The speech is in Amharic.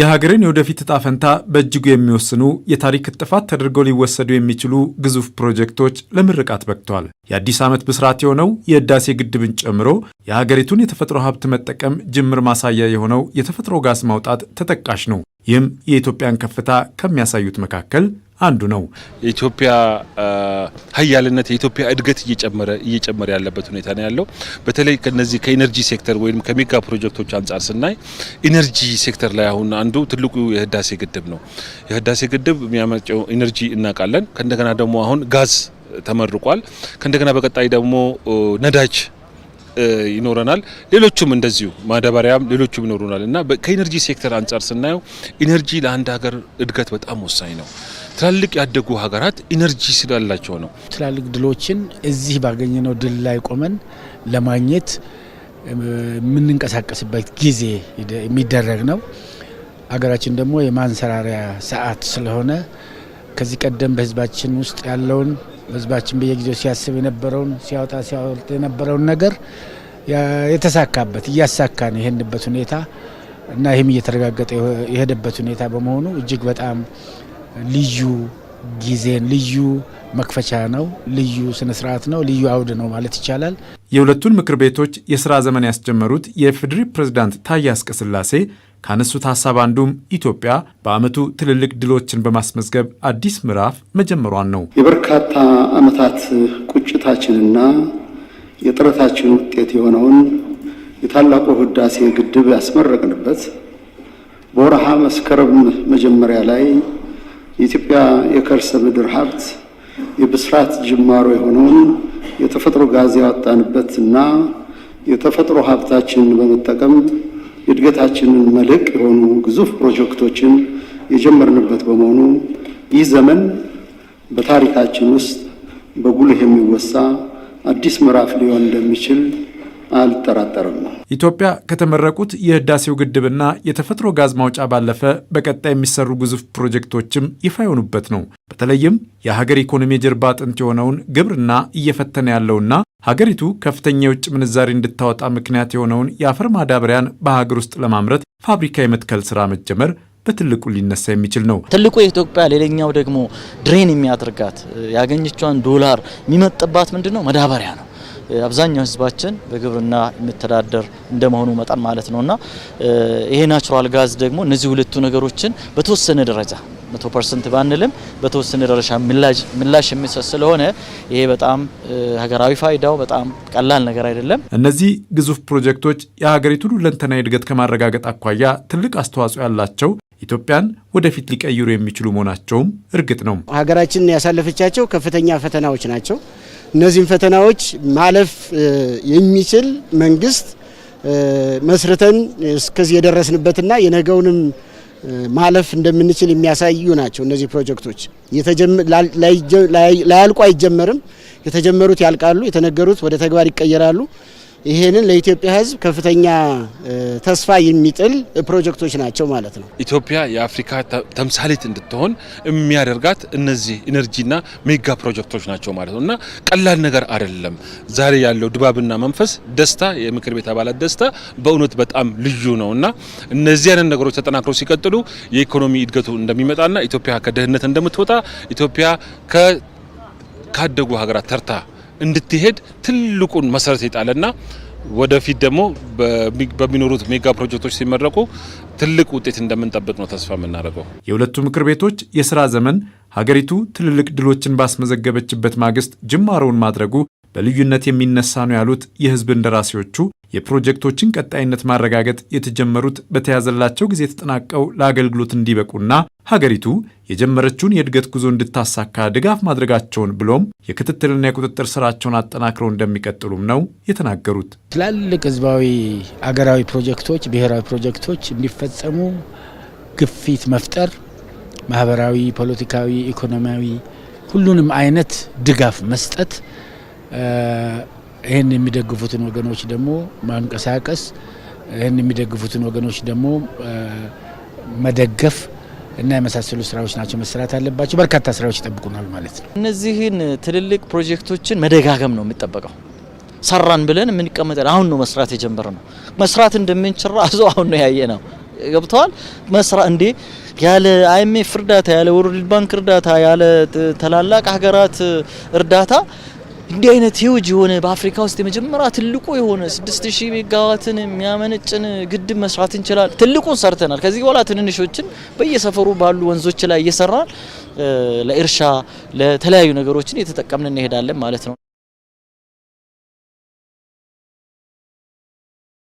የሀገርን የወደፊት እጣ ፈንታ በእጅጉ የሚወስኑ የታሪክ እጥፋት ተደርገው ሊወሰዱ የሚችሉ ግዙፍ ፕሮጀክቶች ለምርቃት በቅተዋል። የአዲስ ዓመት ብስራት የሆነው የህዳሴ ግድብን ጨምሮ የሀገሪቱን የተፈጥሮ ሀብት መጠቀም ጅምር ማሳያ የሆነው የተፈጥሮ ጋዝ ማውጣት ተጠቃሽ ነው። ይህም የኢትዮጵያን ከፍታ ከሚያሳዩት መካከል አንዱ ነው። የኢትዮጵያ ሀያልነት የኢትዮጵያ እድገት እየጨመረ እየጨመረ ያለበት ሁኔታ ነው ያለው። በተለይ ከነዚህ ከኢነርጂ ሴክተር ወይም ከሜጋ ፕሮጀክቶች አንጻር ስናይ ኢነርጂ ሴክተር ላይ አሁን አንዱ ትልቁ የህዳሴ ግድብ ነው። የህዳሴ ግድብ የሚያመጨው ኢነርጂ እናውቃለን። ከእንደገና ደግሞ አሁን ጋዝ ተመርቋል። ከእንደገና በቀጣይ ደግሞ ነዳጅ ይኖረናል። ሌሎቹም እንደዚሁ ማዳበሪያም፣ ሌሎቹም ይኖሩናል እና ከኢነርጂ ሴክተር አንጻር ስናየው ኢነርጂ ለአንድ ሀገር እድገት በጣም ወሳኝ ነው። ትላልቅ ያደጉ ሀገራት ኢነርጂ ስላላቸው ነው። ትላልቅ ድሎችን እዚህ ባገኘነው ድል ላይ ቆመን ለማግኘት የምንንቀሳቀስበት ጊዜ የሚደረግ ነው። ሀገራችን ደግሞ የማንሰራሪያ ሰዓት ስለሆነ ከዚህ ቀደም በህዝባችን ውስጥ ያለውን ህዝባችን በየጊዜው ሲያስብ የነበረውን ሲያወጣ ሲያወርድ የነበረውን ነገር የተሳካበት እያሳካን የሄንበት ሁኔታ እና ይህም እየተረጋገጠ የሄደበት ሁኔታ በመሆኑ እጅግ በጣም ልዩ ጊዜን ልዩ መክፈቻ ነው። ልዩ ስነስርዓት ነው። ልዩ አውድ ነው ማለት ይቻላል። የሁለቱን ምክር ቤቶች የስራ ዘመን ያስጀመሩት የኢፌዴሪ ፕሬዝዳንት ታዬ አጽቀሥላሴ ካነሱት ሀሳብ አንዱም ኢትዮጵያ በዓመቱ ትልልቅ ድሎችን በማስመዝገብ አዲስ ምዕራፍ መጀመሯን ነው። የበርካታ ዓመታት ቁጭታችንና የጥረታችን ውጤት የሆነውን የታላቁ ህዳሴ ግድብ ያስመረቅንበት በወርሃ መስከረም መጀመሪያ ላይ የኢትዮጵያ የከርሰ ምድር ሀብት የብስራት ጅማሮ የሆነውን የተፈጥሮ ጋዝ ያወጣንበት እና የተፈጥሮ ሀብታችንን በመጠቀም የእድገታችንን መልህቅ የሆኑ ግዙፍ ፕሮጀክቶችን የጀመርንበት በመሆኑ ይህ ዘመን በታሪካችን ውስጥ በጉልህ የሚወሳ አዲስ ምዕራፍ ሊሆን እንደሚችል አልጠራጠርም ኢትዮጵያ ከተመረቁት የህዳሴው ግድብና የተፈጥሮ ጋዝ ማውጫ ባለፈ በቀጣይ የሚሰሩ ግዙፍ ፕሮጀክቶችም ይፋ የሆኑበት ነው። በተለይም የሀገር ኢኮኖሚ የጀርባ አጥንት የሆነውን ግብርና እየፈተነ ያለውና ሀገሪቱ ከፍተኛ የውጭ ምንዛሪ እንድታወጣ ምክንያት የሆነውን የአፈር ማዳበሪያን በሀገር ውስጥ ለማምረት ፋብሪካ የመትከል ስራ መጀመር በትልቁ ሊነሳ የሚችል ነው። ትልቁ የኢትዮጵያ ሌላኛው ደግሞ ድሬን የሚያደርጋት ያገኘችዋን ዶላር የሚመጥባት ምንድን ነው? ነው። አብዛኛው ህዝባችን በግብርና የሚተዳደር እንደመሆኑ መጠን ማለት ነውና ይሄ ናቹራል ጋዝ ደግሞ እነዚህ ሁለቱ ነገሮችን በተወሰነ ደረጃ መቶ ፐርሰንት ባንልም በተወሰነ ደረጃ ምላሽ የሚሰጥ ስለሆነ ይሄ በጣም ሀገራዊ ፋይዳው በጣም ቀላል ነገር አይደለም። እነዚህ ግዙፍ ፕሮጀክቶች የሀገሪቱን ሁለንተናዊ እድገት ከማረጋገጥ አኳያ ትልቅ አስተዋጽኦ ያላቸው ኢትዮጵያን ወደፊት ሊቀይሩ የሚችሉ መሆናቸውም እርግጥ ነው። ሀገራችን ያሳለፈቻቸው ከፍተኛ ፈተናዎች ናቸው። እነዚህን ፈተናዎች ማለፍ የሚችል መንግስት መስርተን እስከዚህ የደረስንበትና የነገውንም ማለፍ እንደምንችል የሚያሳዩ ናቸው። እነዚህ ፕሮጀክቶች ላያልቁ አይጀመርም። የተጀመሩት ያልቃሉ፣ የተነገሩት ወደ ተግባር ይቀየራሉ። ይሄንን ለኢትዮጵያ ሕዝብ ከፍተኛ ተስፋ የሚጥል ፕሮጀክቶች ናቸው ማለት ነው። ኢትዮጵያ የአፍሪካ ተምሳሌት እንድትሆን የሚያደርጋት እነዚህ ኢነርጂና ሜጋ ፕሮጀክቶች ናቸው ማለት ነው እና ቀላል ነገር አይደለም። ዛሬ ያለው ድባብና መንፈስ ደስታ፣ የምክር ቤት አባላት ደስታ በእውነት በጣም ልዩ ነው እና እነዚህ አይነት ነገሮች ተጠናክረው ሲቀጥሉ የኢኮኖሚ እድገቱ እንደሚመጣና ኢትዮጵያ ከድህነት እንደምትወጣ ኢትዮጵያ ካደጉ ሀገራት ተርታ እንድትሄድ ትልቁን መሰረት የጣለና ወደፊት ደግሞ በሚኖሩት ሜጋ ፕሮጀክቶች ሲመረቁ ትልቅ ውጤት እንደምንጠብቅ ነው ተስፋ የምናደርገው። የሁለቱ ምክር ቤቶች የስራ ዘመን ሀገሪቱ ትልልቅ ድሎችን ባስመዘገበችበት ማግስት ጅማሮውን ማድረጉ በልዩነት የሚነሳ ነው ያሉት የህዝብ እንደራሴዎቹ የፕሮጀክቶችን ቀጣይነት ማረጋገጥ የተጀመሩት በተያዘላቸው ጊዜ ተጠናቀው ለአገልግሎት እንዲበቁና ሀገሪቱ የጀመረችውን የእድገት ጉዞ እንድታሳካ ድጋፍ ማድረጋቸውን ብሎም የክትትልና የቁጥጥር ስራቸውን አጠናክረው እንደሚቀጥሉም ነው የተናገሩት። ትላልቅ ህዝባዊ አገራዊ ፕሮጀክቶች፣ ብሔራዊ ፕሮጀክቶች እንዲፈጸሙ ግፊት መፍጠር ማህበራዊ፣ ፖለቲካዊ፣ ኢኮኖሚያዊ ሁሉንም አይነት ድጋፍ መስጠት ይህን የሚደግፉትን ወገኖች ደግሞ ማንቀሳቀስ፣ ይህን የሚደግፉትን ወገኖች ደግሞ መደገፍ እና የመሳሰሉ ስራዎች ናቸው መሰራት አለባቸው። በርካታ ስራዎች ይጠብቁናል ማለት ነው። እነዚህን ትልልቅ ፕሮጀክቶችን መደጋገም ነው የሚጠበቀው። ሰራን ብለን የምንቀመጥ አሁን ነው መስራት የጀመረ ነው። መስራት እንደምንችል ራሱ አሁን ነው ያየ ነው ገብተዋል። መስራ እንዴ ያለ አይኤምኤፍ እርዳታ ያለ ወርልድ ባንክ እርዳታ ያለ ታላላቅ ሀገራት እርዳታ እንዲህ አይነት ሂውጅ የሆነ በአፍሪካ ውስጥ የመጀመሪያ ትልቁ የሆነ 6000 ሜጋዋትን የሚያመነጭን ግድብ መስራት እንችላል። ትልቁን ሰርተናል። ከዚህ በኋላ ትንንሾችን በየሰፈሩ ባሉ ወንዞች ላይ እየሰራን ለእርሻ ለተለያዩ ነገሮችን እየተጠቀምን እንሄዳለን ማለት ነው።